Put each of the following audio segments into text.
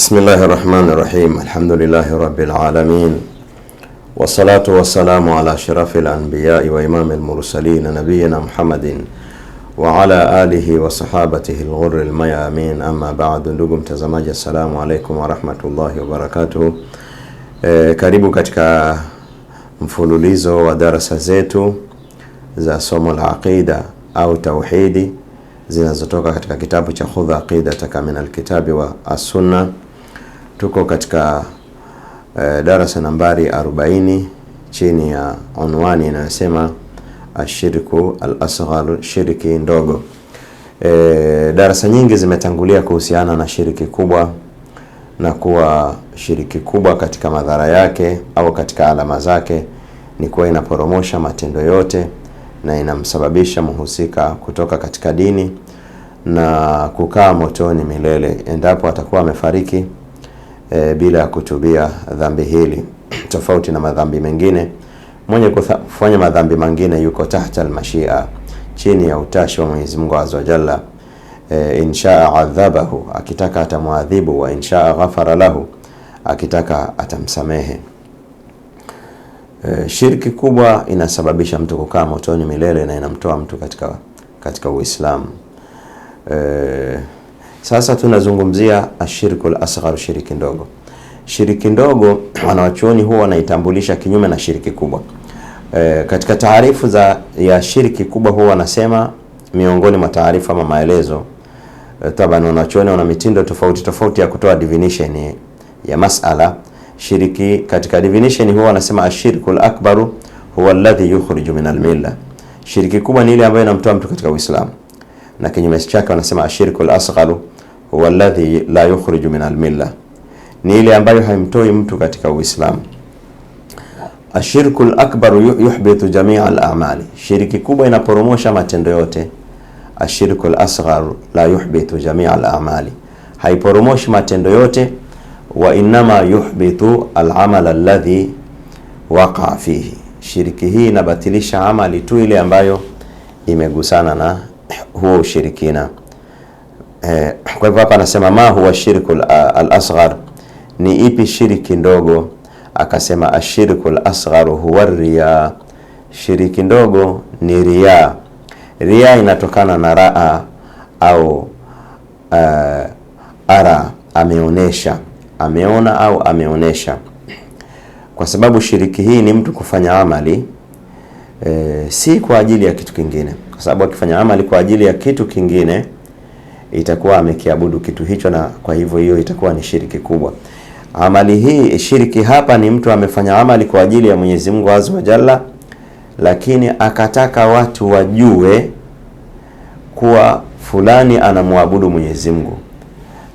Bismillahi rahmani rahim, alhamdulillahi rabbil alamin, wassalatu wassalamu ala ashrafil anbiyai wa imamil mursalin nabiyina Muhammadin wa ala alihi wa sahabatihi alghurril mayamin, amma ba'du. Ndugu mtazamaji, assalamu alaikum warahmatullahi wabarakatuh. E, karibu katika mfululizo wa darasa zetu za somo la aqida au tauhidi zinazotoka katika kitabu cha Khudha Aqidataka min alkitabi wa assunna Tuko katika e, darasa nambari 40 chini ya onwani inayosema ashirku al-asghar, shiriki ndogo. E, darasa nyingi zimetangulia kuhusiana na shiriki kubwa na kuwa shiriki kubwa katika madhara yake au katika alama zake ni kuwa inaporomosha matendo yote na inamsababisha mhusika kutoka katika dini na kukaa motoni milele endapo atakuwa amefariki e, bila ya kutubia dhambi hili, tofauti na madhambi mengine. Mwenye kufanya madhambi mengine yuko tahta almashia, chini ya utashi wa Mwenyezi Mungu azza wa jalla. E, eh, inshaa adhabahu, akitaka atamwadhibu, wa inshaa ghafara lahu, akitaka atamsamehe. E, shirki kubwa inasababisha mtu kukaa motoni milele na inamtoa mtu katika katika Uislamu. Sasa tunazungumzia ashirkul asghar, shiriki ndogo. Shiriki ndogo wanawachuoni huwa wanaitambulisha kinyume na shiriki kubwa. E, katika taarifu za ya shiriki kubwa huwa wanasema miongoni mwa taarifa ama maelezo e, taban wanachuoni wana mitindo tofauti tofauti ya kutoa definition ya masala shiriki. Katika definition huwa wanasema ashirkul akbaru huwa alladhi yukhriju min almilla, shiriki kubwa ni ile ambayo inamtoa mtu katika Uislamu, na kinyume chake wanasema ashirkul asgharu walladhi la yukhriju min almilla, ni ile ambayo haimtoi mtu katika Uislamu. Ashirku lakbaru yuhbitu jamia alamali, shiriki kubwa inaporomosha matendo yote. Ashirku lasghar la yuhbitu jamia alamali, haiporomoshi matendo yote. Wa innama yuhbitu alamal alladhi waqa fihi, shiriki hii inabatilisha amali tu ile ambayo imegusana na huo ushirikina. Eh, kwa hivyo hapa anasema ma huwa shirku al-asghar, ni ipi shiriki ndogo? Akasema ashirku al-asghar huwa riya, shiriki ndogo ni riya. Riya inatokana na raa au uh, ara, ameonesha, ameona au ameonesha, kwa sababu shiriki hii ni mtu kufanya amali eh, si kwa ajili ya kitu kingine, kwa sababu akifanya amali kwa ajili ya kitu kingine itakuwa amekiabudu kitu hicho, na kwa hivyo hiyo itakuwa ni shiriki kubwa. Amali hii shiriki hapa ni mtu amefanya amali kwa ajili ya Mwenyezi Mungu Azza wa Jalla, lakini akataka watu wajue kuwa fulani anamwabudu Mwenyezi Mungu,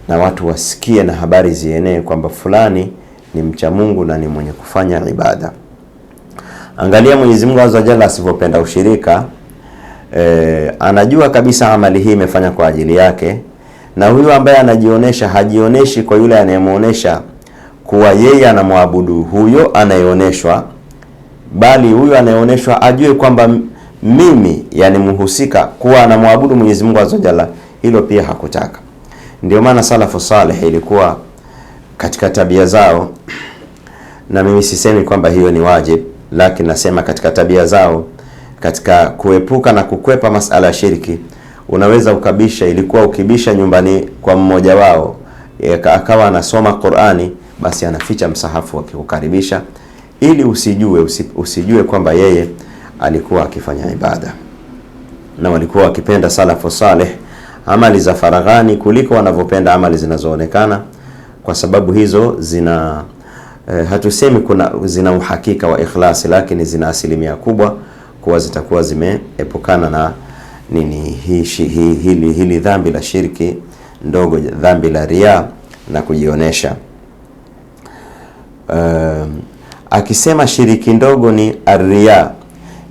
na watu wasikie na habari zienee kwamba fulani ni mcha Mungu na ni mwenye kufanya ibada. Angalia Mwenyezi Mungu Azza wa Jalla asivyopenda ushirika e, anajua kabisa amali hii imefanya kwa ajili yake, na huyu ambaye anajionesha hajioneshi kwa yule anayemuonesha kuwa yeye anamwabudu huyo anayeoneshwa, bali huyo anayeoneshwa ajue kwamba mimi, yani mhusika, kuwa anamwabudu Mwenyezi Mungu azza jalla, hilo pia hakutaka. Ndio maana salafu saleh ilikuwa katika tabia zao, na mimi sisemi kwamba hiyo ni wajib, lakini nasema katika tabia zao katika kuepuka na kukwepa masala ya shiriki unaweza ukabisha. Ilikuwa ukibisha nyumbani kwa mmoja wao akawa anasoma Qur'ani, basi anaficha msahafu akikukaribisha, ili usijue usijue kwamba yeye alikuwa akifanya ibada. Na walikuwa wakipenda salafu saleh amali za faraghani kuliko wanavyopenda amali zinazoonekana, kwa sababu hizo zina eh, hatusemi kuna zina uhakika wa ikhlasi, lakini zina asilimia kubwa kuwa zitakuwa zimeepukana na nini hii, hi, hili, hili dhambi la shirki ndogo, dhambi la ria na kujionyesha. Um, ehm, akisema shiriki ndogo ni arria.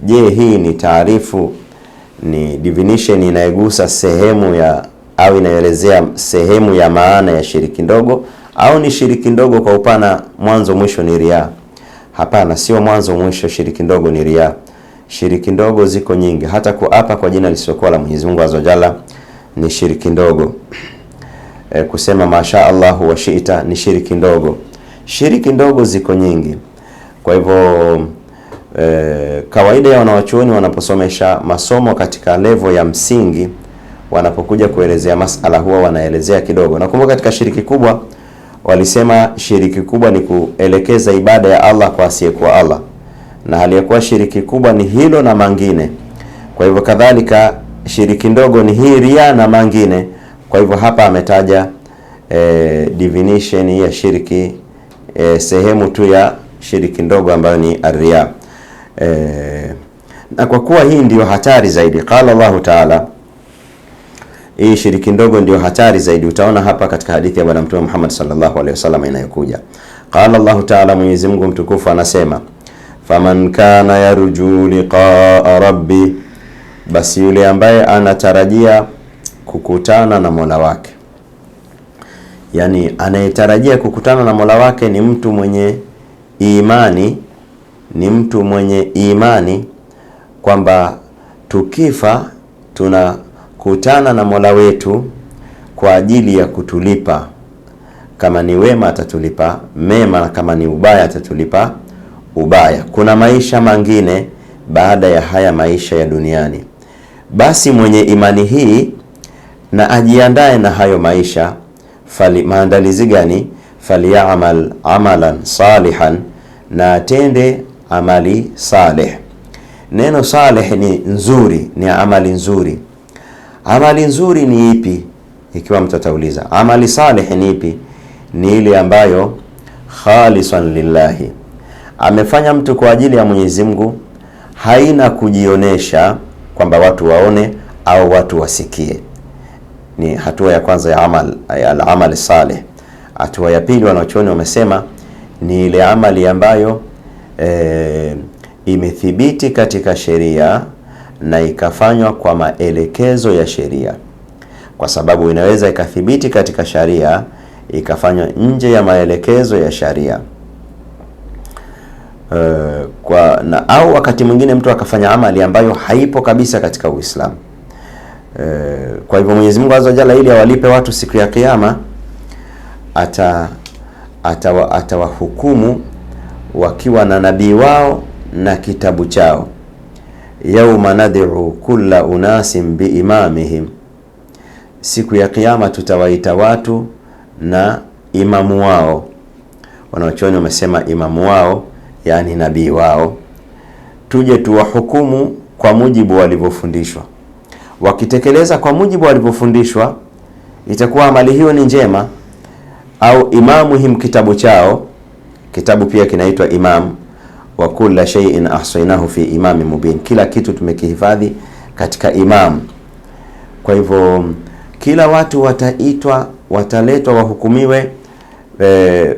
Je, hii ni taarifu ni definition inayegusa sehemu ya au inaelezea sehemu ya maana ya shiriki ndogo au ni shiriki ndogo kwa upana, mwanzo mwisho ni ria? Hapana, sio mwanzo mwisho, shiriki ndogo ni ria. Shiriki ndogo ziko nyingi, hata kuapa kwa jina lisilokuwa la Mwenyezi Mungu azza jalla ni shiriki ndogo. E, kusema masha Allah wa shiita ni shiriki ndogo. Shiriki ndogo ziko nyingi. Kwa hivyo e, kawaida ya wanawachuoni wanaposomesha masomo katika levo ya msingi, wanapokuja kuelezea masala huwa wanaelezea kidogo. Nakumbuka katika shiriki kubwa walisema shiriki kubwa ni kuelekeza ibada ya Allah kwa asiyekuwa Allah na aliyekuwa shiriki kubwa ni hilo na mangine. Kwa hivyo kadhalika shiriki ndogo ni hii ria na mangine. Kwa hivyo hapa ametaja eh, definition ya shiriki eh, sehemu tu ya shiriki ndogo ambayo ni aria eh, na kwa kuwa hii ndiyo hatari zaidi, qala Allahu taala hii shiriki ndogo ndio hatari zaidi. Utaona hapa katika hadithi ya Bwana Mtume Muhammad sallallahu alaihi wasallam inayokuja, qala Allahu taala, Mwenyezi Mungu mtukufu anasema faman kana yarju liqaa rabbi, basi yule ambaye anatarajia kukutana na Mola wake. yani anayetarajia kukutana na Mola wake ni mtu mwenye imani, ni mtu mwenye imani kwamba tukifa tunakutana na Mola wetu kwa ajili ya kutulipa, kama ni wema atatulipa mema, kama ni ubaya atatulipa ubaya, kuna maisha mengine baada ya haya maisha ya duniani. Basi mwenye imani hii na ajiandae na hayo maisha. Fali maandalizi gani? Faliyamal amalan salihan, na atende amali saleh. Neno saleh ni nzuri, ni amali nzuri. Amali nzuri ni ipi? Ikiwa mtu atauliza amali saleh ni ipi, ni ile ambayo khalisan lillahi amefanya mtu kwa ajili ya Mwenyezi Mungu, haina kujionesha kwamba watu waone au watu wasikie. Ni hatua ya kwanza ya amal al-amal saleh. Hatua ya pili, wanachuoni wamesema ni ile amali ambayo e, imethibiti katika sheria na ikafanywa kwa maelekezo ya sheria, kwa sababu inaweza ikathibiti katika sharia ikafanywa nje ya maelekezo ya sharia uh, kwa, na au wakati mwingine mtu akafanya amali ambayo haipo kabisa katika Uislamu. Uh, kwa hivyo Mwenyezi Mungu Azza Jalla ili awalipe watu siku ya Kiyama ata atawahukumu wa wakiwa na nabii wao na kitabu chao, yauma nad'u kulla unasin biimamihim, siku ya Kiyama tutawaita watu na imamu wao. Wanachuoni wamesema imamu wao yani nabii wao, tuje tuwahukumu kwa mujibu walivyofundishwa. Wakitekeleza kwa mujibu walivyofundishwa, itakuwa amali hiyo ni njema. Au him kitabu chao, kitabu pia kinaitwa Imam wa kulla shay'in ahsaynahu fi imami mubin, kila kitu tumekihifadhi katika imam. Kwa hivyo kila watu wataitwa, wataletwa, wahukumiwe eh,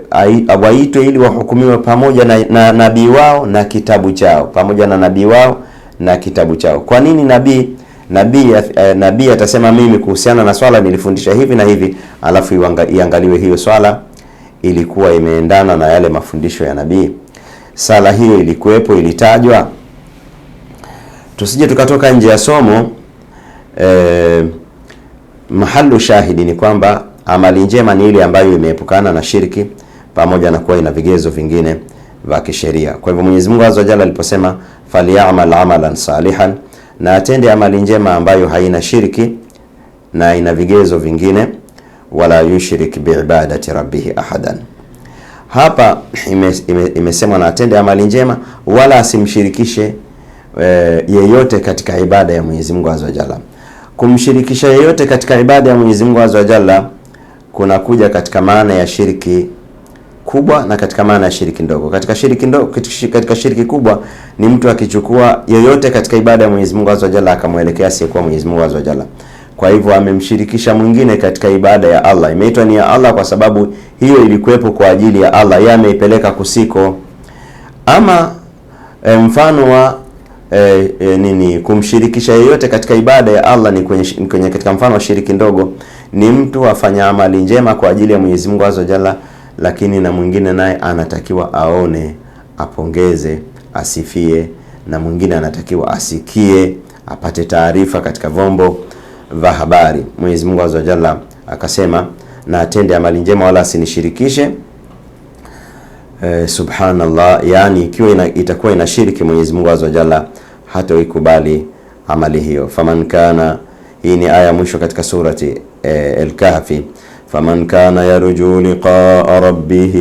waitwe ili wahukumiwe pamoja na, na nabii wao na kitabu chao, pamoja na nabii wao na kitabu chao. Kwa nini nabii nabii eh, nabii atasema mimi kuhusiana na swala nilifundisha hivi na hivi, alafu iangaliwe hiyo swala ilikuwa imeendana na yale mafundisho ya nabii? Sala hiyo ilikuwepo, ilitajwa? Tusije tukatoka nje ya somo eh, mahalu shahidi ni kwamba Amali njema ni ile ambayo imeepukana na shirki pamoja na kuwa ina vigezo vingine vya kisheria. Kwa hivyo Mwenyezi Mungu Azza wa Jalla aliposema faliyamal amalan salihan, na atende amali njema ambayo haina shirki na ina vigezo vingine, wala yushrik biibadati rabbihi ahadan. Hapa imesemwa ime, ime na atende amali njema wala asimshirikishe e, yeyote katika ibada ya Mwenyezi Mungu Azza wa Jalla. Kumshirikisha yeyote katika ibada ya Mwenyezi Mungu Azza wa Jalla kunakuja katika maana ya shiriki kubwa na katika maana ya shiriki ndogo. Katika shiriki ndogo, katika shiriki kubwa ni mtu akichukua yoyote katika ibada ya Mwenyezi Mungu Azza Jalla akamwelekea asiyekuwa Mwenyezi Mungu Azza Jalla. Kwa hivyo amemshirikisha mwingine katika ibada ya Allah. Imeitwa ni ya Allah kwa sababu hiyo ilikuwepo kwa ajili ya Allah, yeye ameipeleka kusiko. Ama e, mfano wa e, e, nini kumshirikisha yeyote katika ibada ya Allah ni kwenye, kwenye katika mfano wa shiriki ndogo ni mtu afanya amali njema kwa ajili ya Mwenyezi Mungu azza jalla, lakini na mwingine naye anatakiwa aone, apongeze, asifie, na mwingine anatakiwa asikie, apate taarifa katika vyombo vya habari. Mwenyezi Mungu azza jalla akasema, na atende amali njema wala asinishirikishe. e, subhanallah, yani ikiwa ina, itakuwa inashiriki Mwenyezi Mungu azza jalla ikubali amali hiyo. Faman kana, hii ni aya mwisho katika surati الكهف فمن كان يرجو لقاء ربه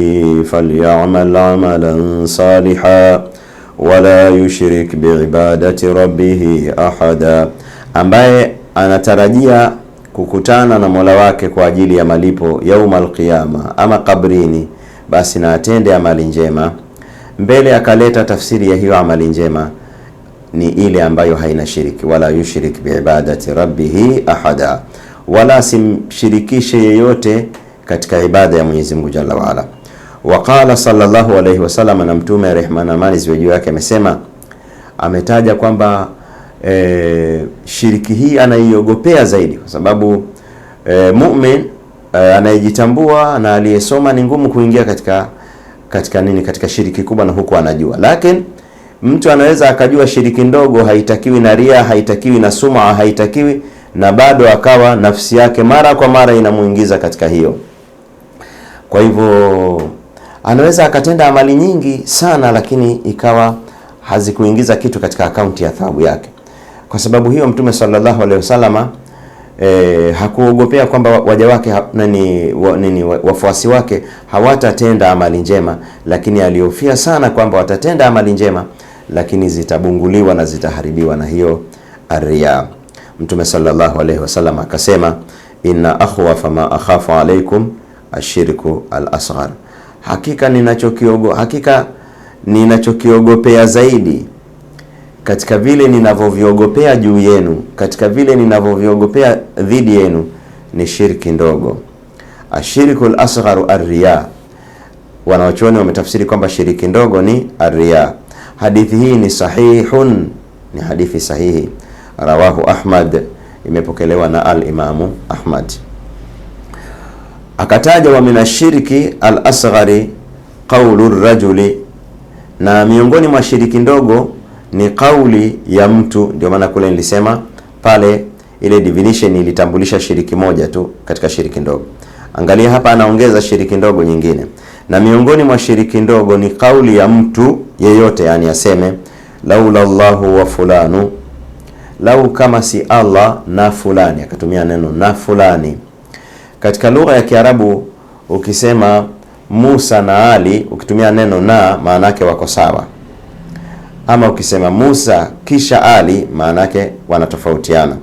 فليعمل عملا صالحا wala yushrik biibadati rabbihi ahada, ambaye anatarajia kukutana na Mola wake kwa ajili ya malipo yauma alqiyama ama kabrini, basi na atende amali njema. Mbele akaleta tafsiri ya hiyo amali njema ni ile ambayo haina shiriki, wala yushrik biibadati rabbihi ahada wala simshirikishe yeyote katika ibada ya Mwenyezi Mungu Jalla waala. Waqala sallallahu alayhi wasallam, na Mtume rehma na amani ziwe juu yake amesema, ametaja kwamba e, shiriki hii anaiogopea zaidi kwa sababu e, mumin e, anayejitambua na aliyesoma ni ngumu kuingia katika katika nini, katika shiriki kubwa, na huku anajua. Lakini mtu anaweza akajua shiriki ndogo haitakiwi na ria, haitakiwi na suma, haitakiwi na bado akawa nafsi yake mara kwa mara inamuingiza katika hiyo. Kwa hivyo anaweza akatenda amali nyingi sana, lakini ikawa hazikuingiza kitu katika akaunti ya thawabu yake. Kwa sababu hiyo Mtume sallallahu alaihi wasallama E, hakuogopea kwamba waja wake ha, nani, wa, nini, wafuasi wake hawatatenda amali njema, lakini alihofia sana kwamba watatenda amali njema, lakini zitabunguliwa na zitaharibiwa na hiyo aria. Mtume sallallahu alaihi wasallam akasema, inna akhwafa ma akhafu alaikum ashirku al-asghar, hakika ninachokiogo hakika ninachokiogopea zaidi katika vile ninavyoviogopea juu yenu, katika vile ninavyoviogopea dhidi yenu ni shirki ndogo. Ashirku al-asgharu ar-riya. Wanawachuoni wametafsiri kwamba shiriki ndogo ni ar-riya. Hadithi hii ni sahihun, ni hadithi sahihi rawahu Ahmad, imepokelewa na al-Imamu Ahmad. Akataja wa minashiriki al-asghari qawlu rajuli, na miongoni mwa shiriki ndogo ni kauli ya mtu. Ndio maana kule nilisema pale ile definition ilitambulisha shiriki moja tu katika shiriki ndogo. Angalia hapa, anaongeza shiriki ndogo nyingine, na miongoni mwa shiriki ndogo ni kauli ya mtu yeyote, yani aseme laula llahu wa fulanu lau kama si Allah na fulani, akatumia neno na fulani. Katika lugha ya Kiarabu ukisema Musa na Ali, ukitumia neno na, maana yake wako sawa, ama ukisema Musa kisha Ali, maana yake wanatofautiana.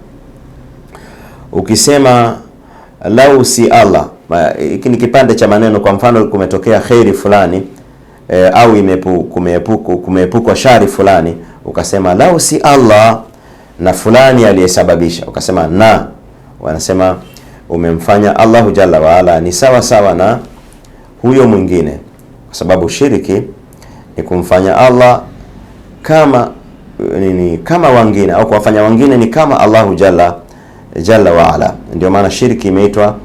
Ukisema lau si Allah, hiki ni kipande cha maneno. Kwa mfano, kumetokea kheri fulani e, au imepu, kumeepukwa kumeepuko shari fulani, ukasema lau si Allah na fulani aliyesababisha, ukasema na, wanasema umemfanya Allahu jalla waala ni sawa sawa na huyo mwingine, kwa sababu shiriki ni kumfanya Allah kama nini, kama wengine au kuwafanya wengine ni kama Allahu jalla jalla waala. Ndio maana shiriki imeitwa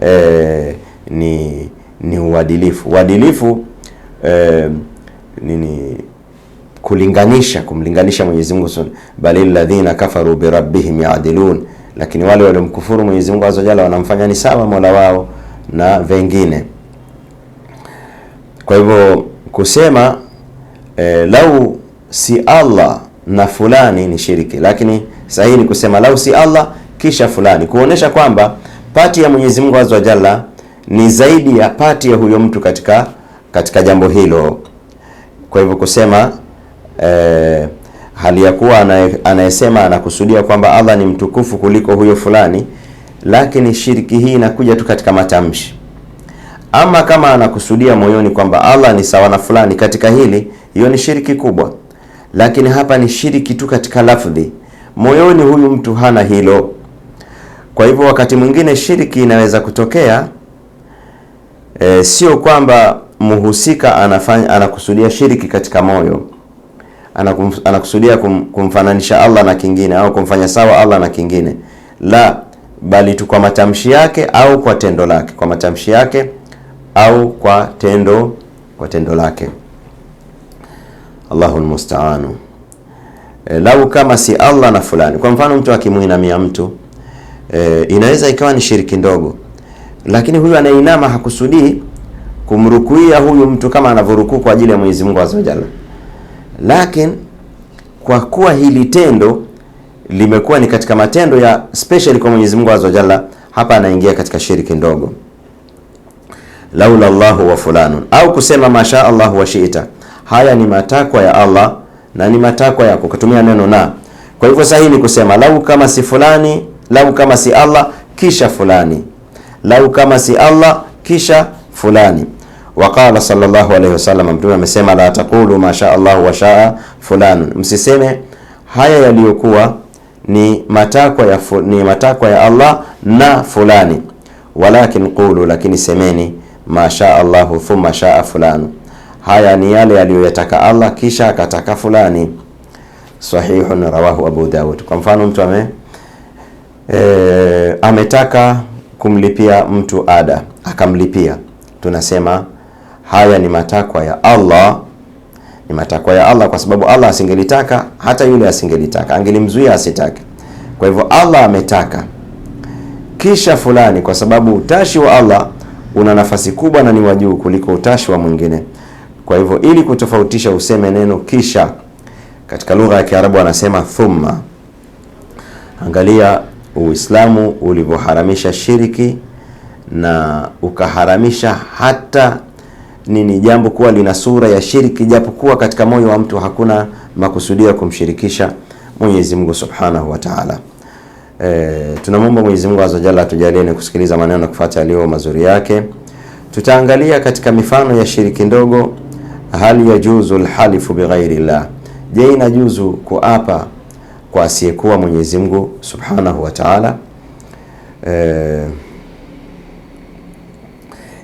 eh, ni ni uadilifu uadilifu eh, nini kulinganisha kumlinganisha Mwenyezi Mungu, balil ladhina kafaru bi rabbihim yaadilun, lakini wale waliomkufuru Mwenyezi Mungu azza jalla wanamfanya ni sawa mola wao na vengine. Kwa hivyo kusema e, lau si Allah na fulani ni shiriki, lakini sahihi ni kusema lau si Allah kisha fulani, kuonesha kwamba pati ya Mwenyezi Mungu azza jalla ni zaidi ya pati ya huyo mtu katika katika jambo hilo. Kwa hivyo kusema eh, hali ya kuwa anayesema anakusudia kwamba Allah ni mtukufu kuliko huyo fulani, lakini shiriki hii inakuja tu katika matamshi. Ama kama anakusudia moyoni kwamba Allah ni sawa na fulani katika hili, hiyo ni shiriki kubwa, lakini hapa ni shiriki tu katika lafdhi. Moyoni huyu mtu hana hilo. Kwa hivyo wakati mwingine shiriki inaweza kutokea e, sio kwamba mhusika anafanya anakusudia shiriki katika moyo anakusudia kum, kumfananisha Allah na kingine au kumfanya sawa Allah na kingine, la bali tu kwa matamshi yake au kwa tendo lake, kwa matamshi yake au kwa tendo kwa tendo lake. Allahu almustaanu. E, eh, lau kama si Allah na fulani. Kwa mfano mtu akimuinamia mtu e, inaweza ikawa ni shiriki ndogo, lakini huyu anainama hakusudii kumrukuia huyu mtu kama anavyorukuu kwa ajili ya Mwenyezi Mungu azza wa jalla lakini kwa kuwa hili tendo limekuwa ni katika matendo ya special kwa Mwenyezi Mungu azza jalla, hapa anaingia katika shiriki ndogo, laula llahu wa fulanun, au kusema masha Allah wa shiita. Haya ni matakwa ya Allah na ni matakwa yako, kutumia neno na. Kwa hivyo sahihi ni kusema lau kama si fulani, lau kama si Allah kisha fulani, lau kama si Allah kisha fulani. Waqala sallallahu alayhi wasallam, Mtume amesema la taqulu masha Allah wa shaa fulan, msiseme haya yaliyokuwa ni matakwa ya, ni matakwa ya Allah na fulani, walakin qulu, lakini semeni masha Allah Allahu thumma shaa fulanu, haya ni yale aliyoyataka Allah kisha akataka fulani. Sahihun rawahu Abu Dawud. Kwa mfano mtu ame e, ametaka kumlipia mtu ada akamlipia, tunasema Haya ni matakwa ya Allah, ni matakwa ya Allah kwa sababu Allah asingelitaka hata yule asingelitaka, angelimzuia asitake. Kwa hivyo Allah ametaka kisha fulani, kwa sababu utashi wa Allah una nafasi kubwa na ni wa juu kuliko utashi wa mwingine. Kwa hivyo ili kutofautisha, useme neno kisha. Katika lugha ya Kiarabu anasema thumma. Angalia Uislamu ulivyoharamisha shiriki na ukaharamisha hata nini jambo kuwa lina sura ya shirki, japokuwa katika moyo wa mtu hakuna makusudio ya kumshirikisha Mwenyezi Mungu Subhanahu wa Ta'ala. E, tunamwomba Mwenyezi Mungu azza jalla atujalie na kusikiliza maneno na kufuata yaliyo mazuri yake. Tutaangalia katika mifano ya shiriki ndogo, hali ya juzu alhalifu bighairi la. je, inajuzu kuapa kwa asiyekuwa Mwenyezi Mungu Subhanahu wa Ta'ala? E,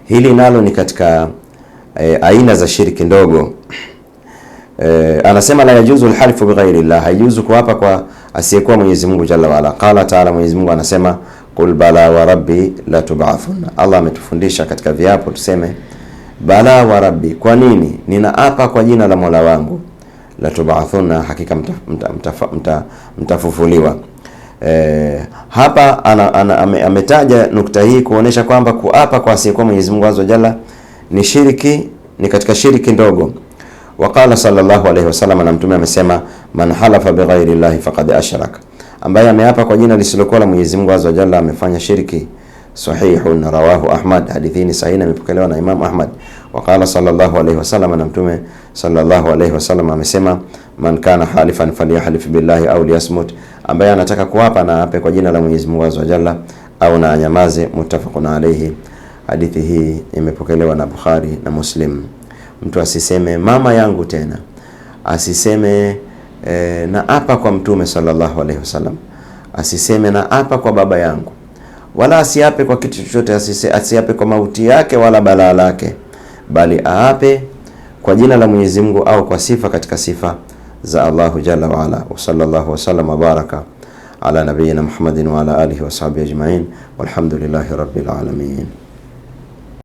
hili nalo ni katika e, aina za shirki ndogo e, anasema la yajuzu alhalfu bighairi llah, haijuzu kuapa kwa asiyekuwa Mwenyezi Mungu jalla waala. Qala taala, Mwenyezi Mungu anasema qul bala wa rabbi la tubathuna. Allah ametufundisha katika viapo tuseme bala wa rabbi, kwa nini ninaapa kwa jina la mola wangu, la tubathuna, hakika mtafufuliwa mta, mta, mta, mta E, hapa ana, ana, ame, ametaja nukta hii kuonesha kwamba kuapa kwa asiyekuwa Mwenyezi Mungu azza jalla ni shiriki, ni katika shiriki ndogo. Waqala sallallahu alayhi wasallam, na Mtume amesema man halafa bighairi llahi faqad ashrak ambaye ameapa kwa jina lisilokuwa la Mwenyezi Mungu azza jalla amefanya shiriki sahihu na rawahu Ahmad, hadithi ni sahihi imepokelewa na Imam Ahmad. Waqala sallallahu alayhi wasallam, na Mtume sallallahu alayhi wasallam amesema man kana halifan falyahlif billahi au liyasmut, ambaye anataka kuapa na ape kwa jina la Mwenyezi Mungu azza jalla au na anyamaze. mutafaqun alayhi. Hadithi hii imepokelewa na Bukhari na Muslim. Mtu asiseme mama yangu tena, asiseme e, na apa kwa Mtume sallallahu alaihi wasallam, asiseme na apa kwa baba yangu, wala asiape kwa kitu chochote, asise asiape kwa mauti yake wala balaa lake, bali aape kwa jina la Mwenyezi Mungu au kwa sifa katika sifa za Allahu jalla wa ala. Wa sallallahu wasallam wa baraka ala nabiyina Muhammadin wa ala alihi wa sahbihi ajmain, walhamdulillahi rabbil alamin.